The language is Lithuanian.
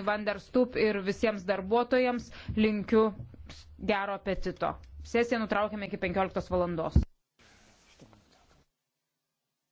ponui Vanderstup ir visiems darbuotojams linkiu gero apetito. Sesiją nutraukėme iki 15 valandos.